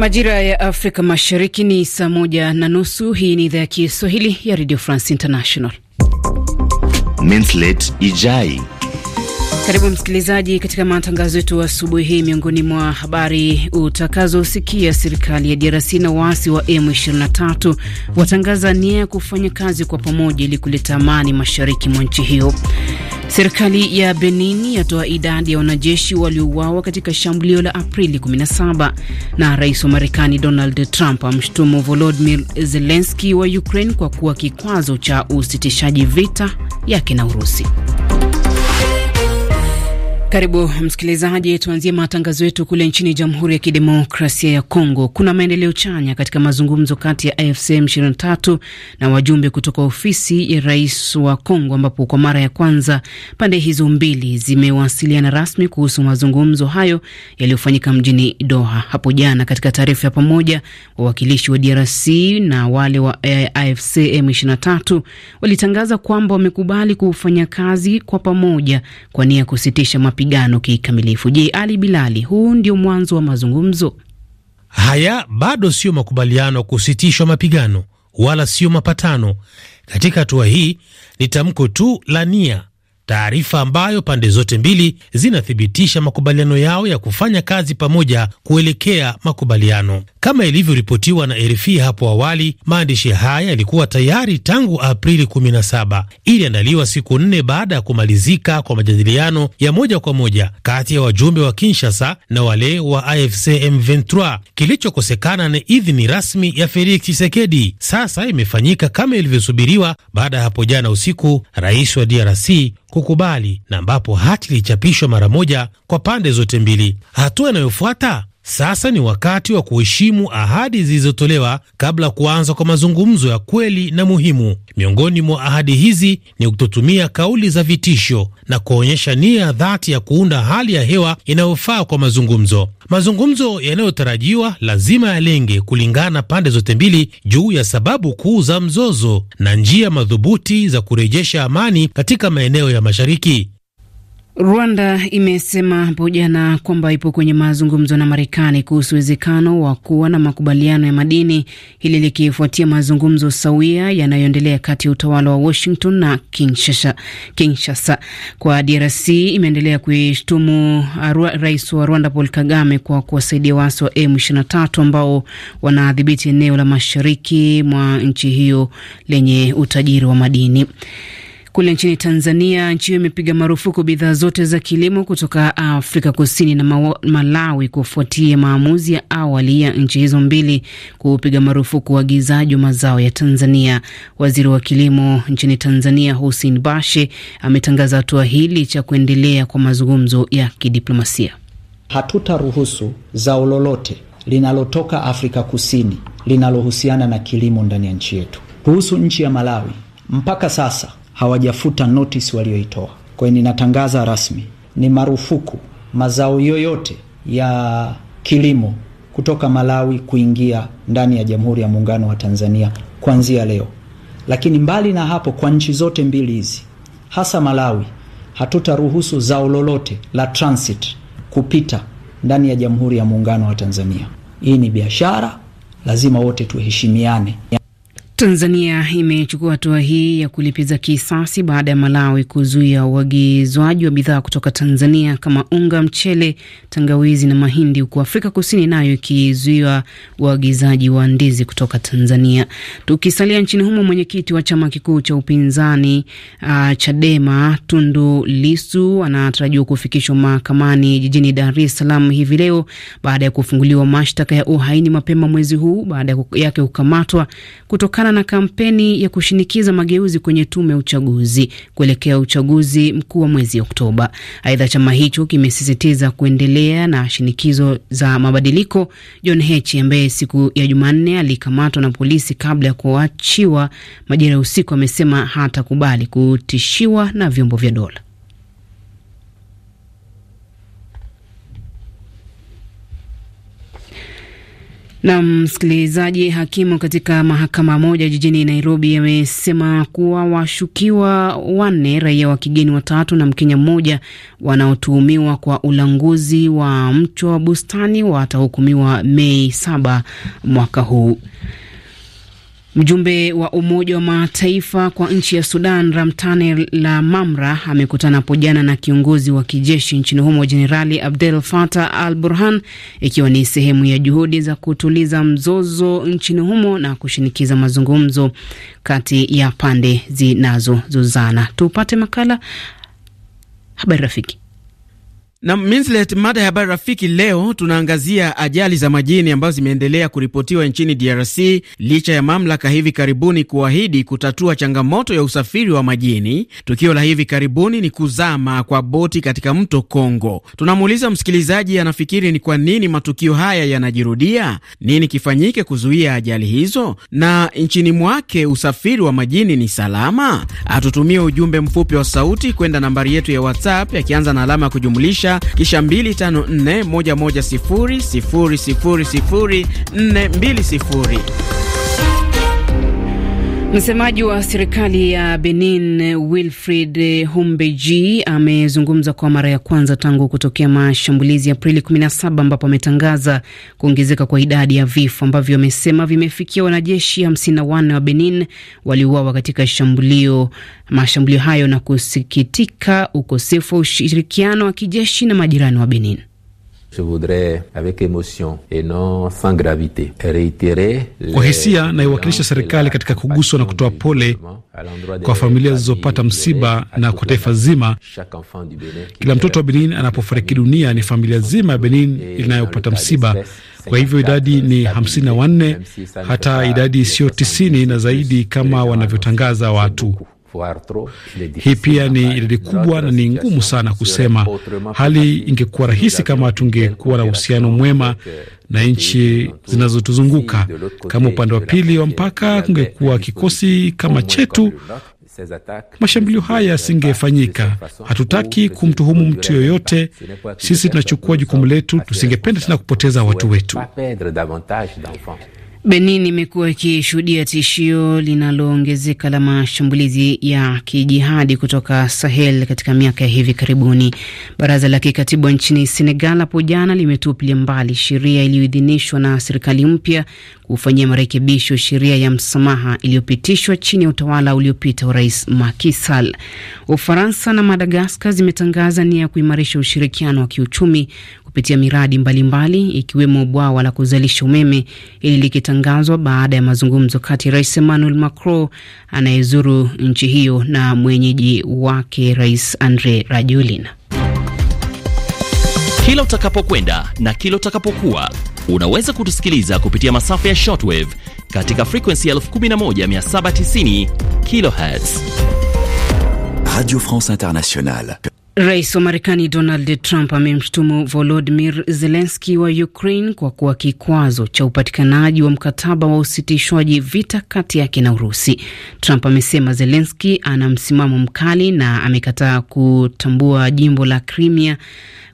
Majira ya Afrika Mashariki ni saa moja na nusu. Hii ni idhaa ya Kiswahili ya Radio France International. Mintlet Ijai. Karibu msikilizaji, katika matangazo yetu asubuhi hii. Miongoni mwa habari utakazosikia, serikali ya DRC na waasi wa M23 watangaza nia ya kufanya kazi kwa pamoja ili kuleta amani mashariki mwa nchi hiyo. Serikali ya Benin yatoa idadi ya wanajeshi waliouawa katika shambulio la Aprili 17 na rais wa Marekani Donald Trump amshutumu Volodimir Zelenski wa Ukraine kwa kuwa kikwazo cha usitishaji vita yake na Urusi. Karibu msikilizaji, tuanzie matangazo yetu kule nchini Jamhuri ya Kidemokrasia ya Kongo. Kuna maendeleo chanya katika mazungumzo kati ya AFC M23 na wajumbe kutoka ofisi ya rais wa Kongo, ambapo kwa mara ya kwanza pande hizo mbili zimewasiliana rasmi kuhusu mazungumzo hayo yaliyofanyika mjini Doha hapo jana. Katika taarifa ya pamoja, wawakilishi wa DRC na wale wa AFC M23 walitangaza kwamba wamekubali kufanya kazi kwa pamoja kwa nia ya kusitisha mapigano kikamilifu. Je, Ali Bilali, huu ndio mwanzo wa mazungumzo haya? Bado sio makubaliano ya kusitishwa mapigano wala sio mapatano. Katika hatua hii ni tamko tu la nia taarifa ambayo pande zote mbili zinathibitisha makubaliano yao ya kufanya kazi pamoja kuelekea makubaliano. Kama ilivyoripotiwa na RFI hapo awali, maandishi haya yalikuwa tayari tangu Aprili 17. Iliandaliwa siku nne baada ya kumalizika kwa majadiliano ya moja kwa moja kati ya wajumbe wa Kinshasa na wale wa AFC M23. Kilichokosekana na idhini rasmi ya Felix Tshisekedi sasa imefanyika kama ilivyosubiriwa, baada ya hapo jana usiku rais wa DRC kukubali na ambapo hati ilichapishwa mara moja kwa pande zote mbili. Hatua inayofuata sasa ni wakati wa kuheshimu ahadi zilizotolewa kabla ya kuanza kwa mazungumzo ya kweli na muhimu. Miongoni mwa ahadi hizi ni kutotumia kauli za vitisho na kuonyesha nia dhati ya kuunda hali ya hewa inayofaa kwa mazungumzo. Mazungumzo yanayotarajiwa lazima yalenge kulingana pande zote mbili juu ya sababu kuu za mzozo na njia madhubuti za kurejesha amani katika maeneo ya mashariki. Rwanda imesema hapo jana kwamba ipo kwenye mazungumzo na Marekani kuhusu uwezekano wa kuwa na makubaliano ya madini, hili likifuatia mazungumzo sawia yanayoendelea kati ya utawala wa Washington na Kinshasa. Kinshasa kwa DRC imeendelea kuishtumu uh, rais wa Rwanda Paul Kagame kwa kuwasaidia waasi wa M23 ambao wanadhibiti eneo la mashariki mwa nchi hiyo lenye utajiri wa madini. Kule nchini Tanzania, nchi hiyo imepiga marufuku bidhaa zote za kilimo kutoka Afrika Kusini na Malawi kufuatia maamuzi ya awali ya nchi hizo mbili kupiga marufuku uagizaji wa mazao ya Tanzania. Waziri wa kilimo nchini Tanzania Hussein Bashe ametangaza hatua hili cha kuendelea kwa mazungumzo ya kidiplomasia. Hatutaruhusu zao lolote linalotoka Afrika Kusini linalohusiana na kilimo ndani ya nchi yetu. Kuhusu nchi ya Malawi, mpaka sasa hawajafuta notice walioitoa. Kwa hiyo ninatangaza rasmi, ni marufuku mazao yoyote ya kilimo kutoka Malawi kuingia ndani ya Jamhuri ya Muungano wa Tanzania kuanzia leo. Lakini mbali na hapo, kwa nchi zote mbili hizi, hasa Malawi, hatutaruhusu zao lolote la transit kupita ndani ya Jamhuri ya Muungano wa Tanzania. Hii ni biashara, lazima wote tuheshimiane. Tanzania imechukua hatua hii ya kulipiza kisasi baada ya Malawi kuzuia uagizwaji wa bidhaa kutoka Tanzania kama unga, mchele, tangawizi na mahindi, huku Afrika Kusini nayo ikizuia uagizaji wa ndizi kutoka Tanzania. Tukisalia nchini humo, mwenyekiti wa chama kikuu cha upinzani uh, Chadema Tundu Lisu anatarajiwa kufikishwa mahakamani jijini Dar es Salaam hivi leo baada ya kufunguliwa mashtaka ya uhaini mapema mwezi huu baada yake kukamatwa kutokana kutokana na kampeni ya kushinikiza mageuzi kwenye tume ya uchaguzi kuelekea uchaguzi mkuu wa mwezi Oktoba. Aidha, chama hicho kimesisitiza kuendelea na shinikizo za mabadiliko. John Hechi ambaye siku ya Jumanne alikamatwa na polisi kabla ya kuachiwa majira ya usiku, amesema hatakubali kutishiwa na vyombo vya dola. Na msikilizaji, hakimu katika mahakama moja jijini Nairobi amesema kuwa washukiwa wanne, raia wa kigeni watatu na Mkenya mmoja, wanaotuhumiwa kwa ulanguzi wa mchwa wa bustani watahukumiwa Mei saba mwaka huu. Mjumbe wa Umoja wa Mataifa kwa nchi ya Sudan, Ramtane la mamra amekutana hapo jana na kiongozi wa kijeshi nchini humo Jenerali Abdel fatah al Burhan, ikiwa ni sehemu ya juhudi za kutuliza mzozo nchini humo na kushinikiza mazungumzo kati ya pande zinazozozana. Tupate makala Habari Rafiki na Minslet, mada ya habari rafiki leo tunaangazia ajali za majini ambazo zimeendelea kuripotiwa nchini DRC licha ya mamlaka hivi karibuni kuahidi kutatua changamoto ya usafiri wa majini. Tukio la hivi karibuni ni kuzama kwa boti katika mto Kongo. Tunamuuliza msikilizaji anafikiri ni kwa nini matukio haya yanajirudia, nini kifanyike kuzuia ajali hizo, na nchini mwake usafiri wa majini ni salama? Atutumie ujumbe mfupi wa sauti kwenda nambari yetu ya WhatsApp yakianza na alama ya kujumlisha kisha 254 110 000 420 Msemaji wa serikali ya Benin wilfrid Humbeji amezungumza kwa mara ya kwanza tangu kutokea mashambulizi Aprili 17 ambapo ametangaza kuongezeka kwa idadi ya vifo ambavyo amesema vimefikia wanajeshi 54 wa Benin waliuawa katika shambulio mashambulio hayo na kusikitika ukosefu wa ushirikiano wa kijeshi na majirani wa Benin. Je voudrais avec emotion et non sans gravite reiterer kwa hisia naiwakilisha serikali katika kuguswa na kutoa pole kwa familia zilizopata msiba na kwa taifa zima. Kila mtoto wa Benin anapofariki dunia ni familia zima ya Benin inayopata msiba. Kwa hivyo idadi ni hamsini na wanne, hata idadi isiyo tisini na zaidi kama wanavyotangaza watu. Hii pia ni idadi kubwa na ni ngumu sana kusema. Hali ingekuwa rahisi kama tungekuwa na uhusiano mwema na nchi zinazotuzunguka. Kama upande wa pili wa mpaka kungekuwa kikosi kama chetu, mashambulio haya yasingefanyika. Hatutaki uh, kumtuhumu mtu yoyote. Sisi tunachukua jukumu letu, tusingependa tena kupoteza watu wetu. Benin imekuwa ikishuhudia tishio linaloongezeka la mashambulizi ya kijihadi kutoka Sahel katika miaka ya hivi karibuni. Baraza la kikatiba nchini Senegal hapo jana limetupilia mbali sheria iliyoidhinishwa na serikali mpya kufanyia marekebisho sheria ya msamaha iliyopitishwa chini ya utawala uliopita wa Rais Macky Sall. Ufaransa na Madagaskar zimetangaza nia ya kuimarisha ushirikiano wa kiuchumi kupitia miradi mbalimbali mbali, ikiwemo bwawa la kuzalisha umeme ili likitangazwa baada ya mazungumzo kati ya Rais Emmanuel Macron anayezuru nchi hiyo na mwenyeji wake Rais Andre rajulin Kila utakapokwenda na kila utakapokuwa unaweza kutusikiliza kupitia masafa ya shortwave katika frequency ya 11790 kilohertz. Radio France Internationale. Rais wa Marekani Donald Trump amemshutumu Volodimir Zelenski wa Ukraine kwa kuwa kikwazo cha upatikanaji wa mkataba wa usitishwaji vita kati yake na Urusi. Trump amesema Zelenski ana msimamo mkali na amekataa kutambua jimbo la krimia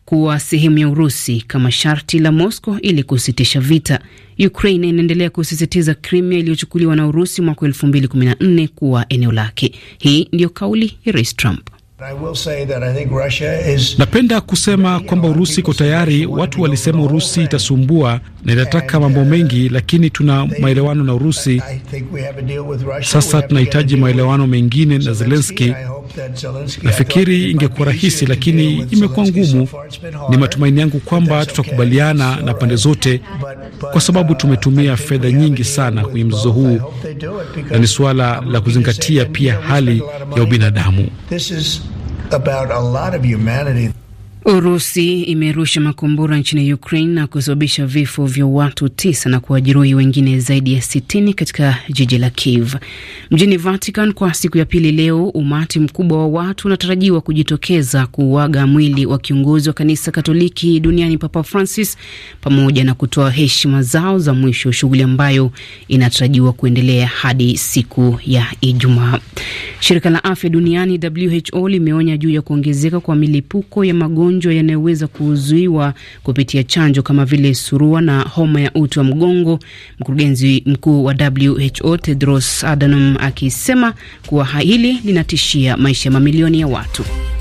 kuwa sehemu ya Urusi kama sharti la Moscow ili kusitisha vita. Ukraine inaendelea kusisitiza krimia iliyochukuliwa na Urusi mwaka 2014 kuwa eneo lake. Hii ndiyo kauli ya Rais Trump. Napenda kusema kwamba Urusi iko tayari. Watu walisema Urusi itasumbua na inataka mambo uh, mengi, lakini tuna maelewano na Urusi. Sasa tunahitaji maelewano mengine na Zelenski. Nafikiri ingekuwa rahisi, lakini imekuwa ngumu. Ni matumaini yangu kwamba tutakubaliana na pande zote, kwa sababu tumetumia fedha nyingi sana kwenye mzozo huu, na ni suala la kuzingatia pia hali ya ubinadamu. Urusi imerusha makombora nchini Ukraine na kusababisha vifo vya watu tisa na kuwajeruhi wengine zaidi ya sitini katika jiji la Kiev. Mjini Vatican, kwa siku ya pili leo, umati mkubwa wa watu unatarajiwa kujitokeza kuuaga mwili wa kiongozi wa kanisa Katoliki duniani Papa Francis, pamoja na kutoa heshima zao za mwisho, shughuli ambayo inatarajiwa kuendelea hadi siku ya Ijumaa. Shirika la Afya Duniani WHO limeonya juu ya kuongezeka kwa milipuko ya magonjwa magonjwa yanayoweza kuzuiwa kupitia chanjo kama vile surua na homa ya uti wa mgongo, mkurugenzi mkuu wa WHO Tedros Adhanom akisema kuwa hili linatishia maisha ya mamilioni ya watu.